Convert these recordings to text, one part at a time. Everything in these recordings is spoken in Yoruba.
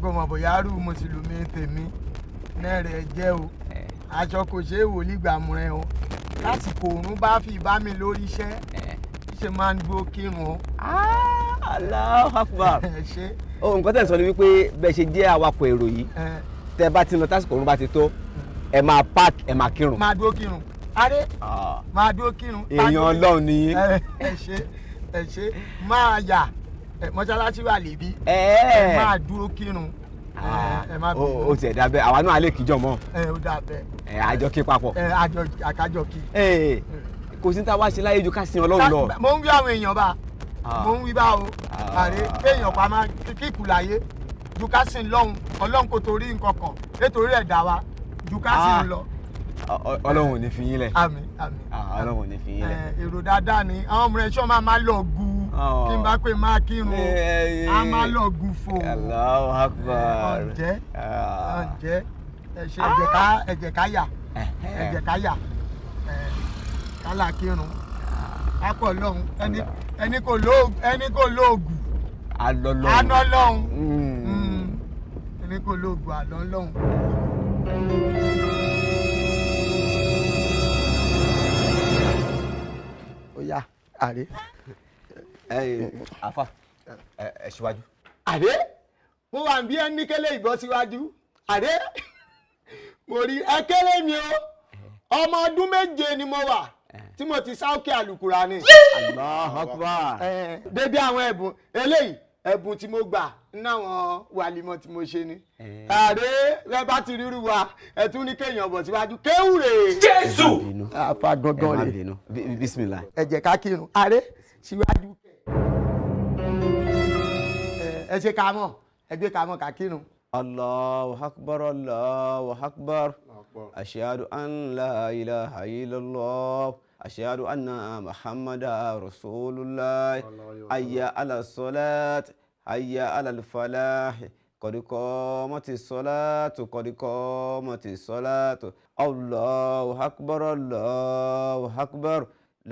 nǹkan mọ̀ bóyá rú mùsùlùmí tèmi náà rẹ̀ o eh. aṣọ kò ṣeé wò nígbàmù rẹ o lásìkò òórùn bá fi bá mi lórí iṣẹ́ eh. ṣe máa ń gbó kírun o. Ah, Allahu Akbar o oh, sọ ni wípé bẹ́ẹ̀ ṣe jẹ́ awakọ̀ èrò yìí eh. tẹ́ bá ti lọ tásìkò òórùn bá ti tó ẹ máa park ẹ máa kírun. máa dúró kírun aré ah. máa dúró kírun. èèyàn ọlọ́run nìyí. ẹ ṣe ẹ ṣe máa yà mọ́ṣáláṣí wà lè bí ẹ máa dúró kírun ah, ẹ má bọ̀. o tiẹ̀ dábẹ́ àwa náà alẹ́ kíjọ mọ́. ẹ o dábẹ́. ẹ àjọ kí papọ̀. ẹ àjọ àkájọ kí. ẹ kò sí ta wá ṣe láyé ju ká sin ọlọ́run lọ. mo ń wí àwọn èèyàn bá ah. mo ń wí bá o ah. àrè kéèyàn pa máa kíkù láyé ju ká sin lọ́hùn ọlọ́run kò torí nǹkan kan nítorí ẹ̀dá wa ju ká sin lọ. ọlọ́run ò ní fi yín lẹ̀. àmín àmín. ọlọ́run ò ní fi yín lẹ̀. èrò dáadáa ni àwọn ọmọ rẹ̀ ṣọ́ máa máa lọ gùn kí oh. n bá pè máa kírun eh, eh, a máa lọ gùfò ọ̀jẹ́ ah. ọ̀jẹ́ ẹ̀ṣẹ̀ ẹ̀jẹ̀ ah. káyà eh, ẹ̀jẹ̀ káyà kálá kírun akọ ah. lọ́hùn ẹni kò lóògùn àná lọ́hùn hmm. Hmm. ẹni kò lóògùn àná lọ́hùn. ó yá àárẹ̀ àfa ẹ ṣíwájú. àdé mo wà bí ẹni kẹ́lẹ́ ìbọn síwájú àdé mo rí ẹ kẹ́lẹ́ mi o ọmọ ọdún méje ni mo wà tí mo ti sáókè àlùkùrà ni. débi àwọn ẹ̀bùn eléyìí ẹ̀bùn tí mo gbà náwọn wàlímọ̀ tí mo ṣe ni. ààrẹ rẹ bá ti rírú wa ẹ tún ní kéèyàn bọ̀ síwájú kéwùrè. jésù. afa gangan rè bisimilayi. ẹ jẹ́ ká kírun ààrẹ síwájú kẹ ẹ ṣe ká mọ̀ ẹ gbé ká mọ̀ ká kírun. Allahu akbar Allahu akbar ashhadu an la ilaha illallah ashhadu anna muhammadan rasulullah hayya ala salat hayya ala falah kọ̀díkọ́ mọ́ ti sọ́láàtù kọ̀díkọ́ mọ́ ti sọ́láàtù Allahu akbar Allahu akbar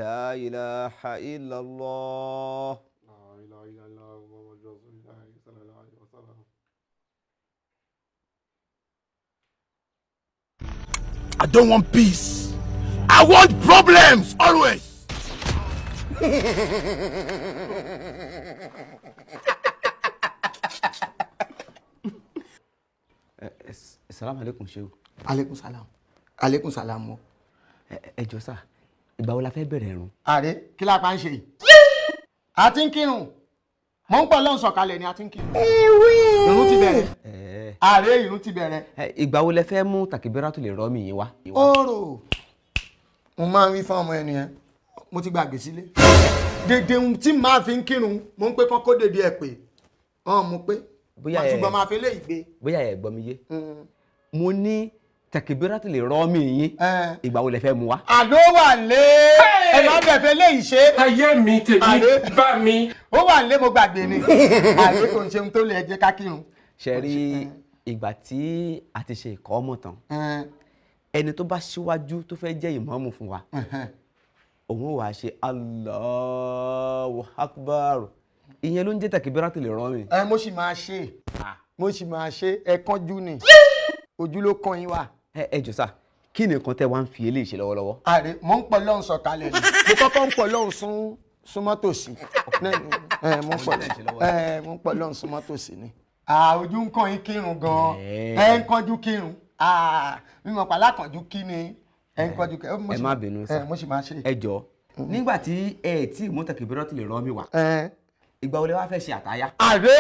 la ilaha illallah. I don't want peace. I want problems always. Eh, eh, eh, salaam aleykum Shehu. Aleykum salaam. Aleykum salaam o. Ẹ jọ sá, ìgbà wo la fẹ́ bẹ̀rẹ̀ ẹ̀rùn? Ààrẹ kí lápá ń ṣe yìí? A ti ń kírun mọ̀ ń pọ̀ lọ́n sọ̀kalẹ̀ ni a ti ń kí. ewé ìrun ti bẹ̀rẹ̀ ààrẹ ìrun ti bẹ̀rẹ̀. ìgbà wo lẹ fẹ́ mú tàkìbẹ́rà tó lè rọ́ mi yín wá. oòrò mo máa ń wí fún ọmọ ẹni yẹn mo ti gbàgbé sílé dèdè tí màá fi ń kírun mo ń pé kán kó dèdè pé ọ̀hún mo pé bóyá ẹ ṣùgbọ́n máa bóyá ẹ gbọ́ mi yé mm. mo ní tàkìbẹ́rà tó lè rọ́ mi yín ìgbà wo lẹ fẹ́ mú wá. àdó wà lé. ẹ fẹ́ léyìí ṣe. ayé mi tèmi bá mi. ó wà nílé mo gbàgbé ni àyè kò ń ṣeun tó lè jẹ ká kírun. ṣe rí ìgbà tí a ti ṣe ìkọ́ ọmọ tán ẹni tó bá ṣíwájú tó fẹ́ jẹ́ ìmáàmù fún wa òun wàá ṣe Allahu Akbar ìyẹn ló ń jẹ́ tàkìbíratì lè rán mi. ẹ mo sì máa ṣe ah. mo sì máa ṣe ẹ ni ojú ló kan yín wá. ẹ ẹ sáà kí ni nǹkan tẹ́ wá ń fi eléyìí ṣe lọ́wọ́lọ́wọ́. àrè mò ń pọ̀ lọ́hùn sọ̀kalẹ̀ ni mo kọ́kọ́ ń pọ̀ lọ́hùn sún súnmọ́tòsí mò ń pọ̀ lọ́hùn súnmọ́tòsí ni. ojú ń kàn yín kírun gan-an ẹ ń kánjú kírun mímọ pàlà kánjú kí ni ẹ ń kánjú kírun. ẹ má bínú sá ẹ jọ nígbà tí ẹ tí ìmúntàkìbírọ́tì lè rán mi wá ìgbà wo lè wá fẹ́ ṣe àtayá. àrè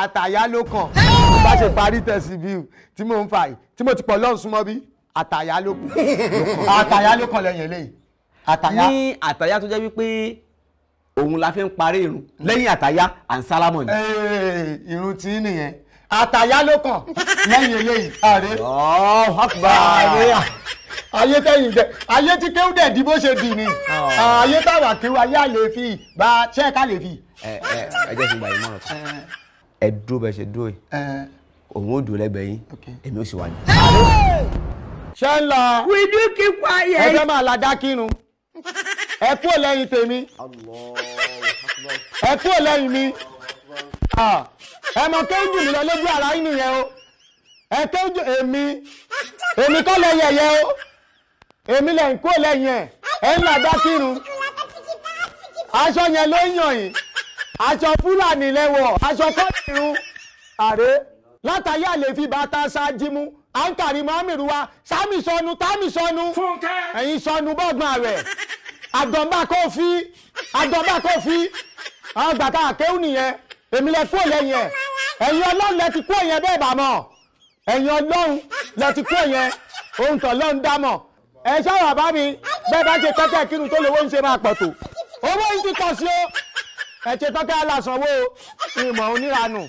àtàyà ló kàn bí bá ṣe parí tẹ̀sí bí tí mò ń fà yìí tí mo ti pọ̀ lọ́hùn súnmọ́ bí àtàyà ló kù àtàyà ló kàn lẹ́yìn eléyìí àtàyà. ní àtàyà tó jẹ́ wípé òun la fi ń parí irun lẹ́yìn àtàyà à ń sálámọ̀ ni. irun tí ń nìyẹn àtàyà ló kàn lẹ́yìn eléyìí. ọ̀ọ́ àkùbà ayé tẹ̀yìn dẹ ayé tí kéwù dẹ̀ di bó ṣe di ni ayé táwa kéwù ayé àlè fi bá ṣẹ́ẹ̀ká lè fi. ẹ ẹ ẹ jẹ́ kí n gbà yín mọ́ràn kan ẹ dúró bẹ́ẹ̀ ṣe dúró yìí òun ò dúró lẹ́gbẹ̀ẹ́ yín èmi ò sì wà ní. ṣé ń lọ we do keep quiet ẹ fẹ́ máa la dákírun ẹ kúrò lẹ́yìn tèmi ẹ kúrò lẹ́yìn mi ẹ mọ kéńjù mi lọ lójú ara yín nìyẹn o ẹ kéńjù èmi èmi kọ́ lọ yẹ̀yẹ́ o èmi lẹ́yìn kúrò lẹ́yìn ẹ̀ ẹ̀ ń la dákírun aṣọ yẹn ló ń yàn yín aṣọ fúlàní lẹ́wọ̀ aṣọ kọ́ọ̀tìrún àrẹ látàyè àlè fi bàtà ṣáájú mú àǹkàrí mọ́mìrì wa sami sọnù tami sọnù ẹ̀yin sọnù bọ́gbọ̀n rẹ̀ àdọ̀nbá kò fi àdọ̀nbá kò fi àwọn gbàtà àkéwù nìyẹn èmi lẹ kú òye yẹn ẹ̀yin ọlọ́run lẹ ti kú òye bẹ́ẹ̀ bà mọ́ ẹ̀yin ọlọ́run lẹ ti kú òye ohun tó lọ́run dá mọ̀ ẹ̀ ṣáà bàbá mi bẹ́ẹ̀ bá ṣe tẹ́tẹ́ kírun tó lówó ń ṣe máa pọ̀ tó owó yìí ti pọ̀ sí o ẹ̀ ṣe tán kẹ́ ẹ lásán owó ìmọ̀ oníranù.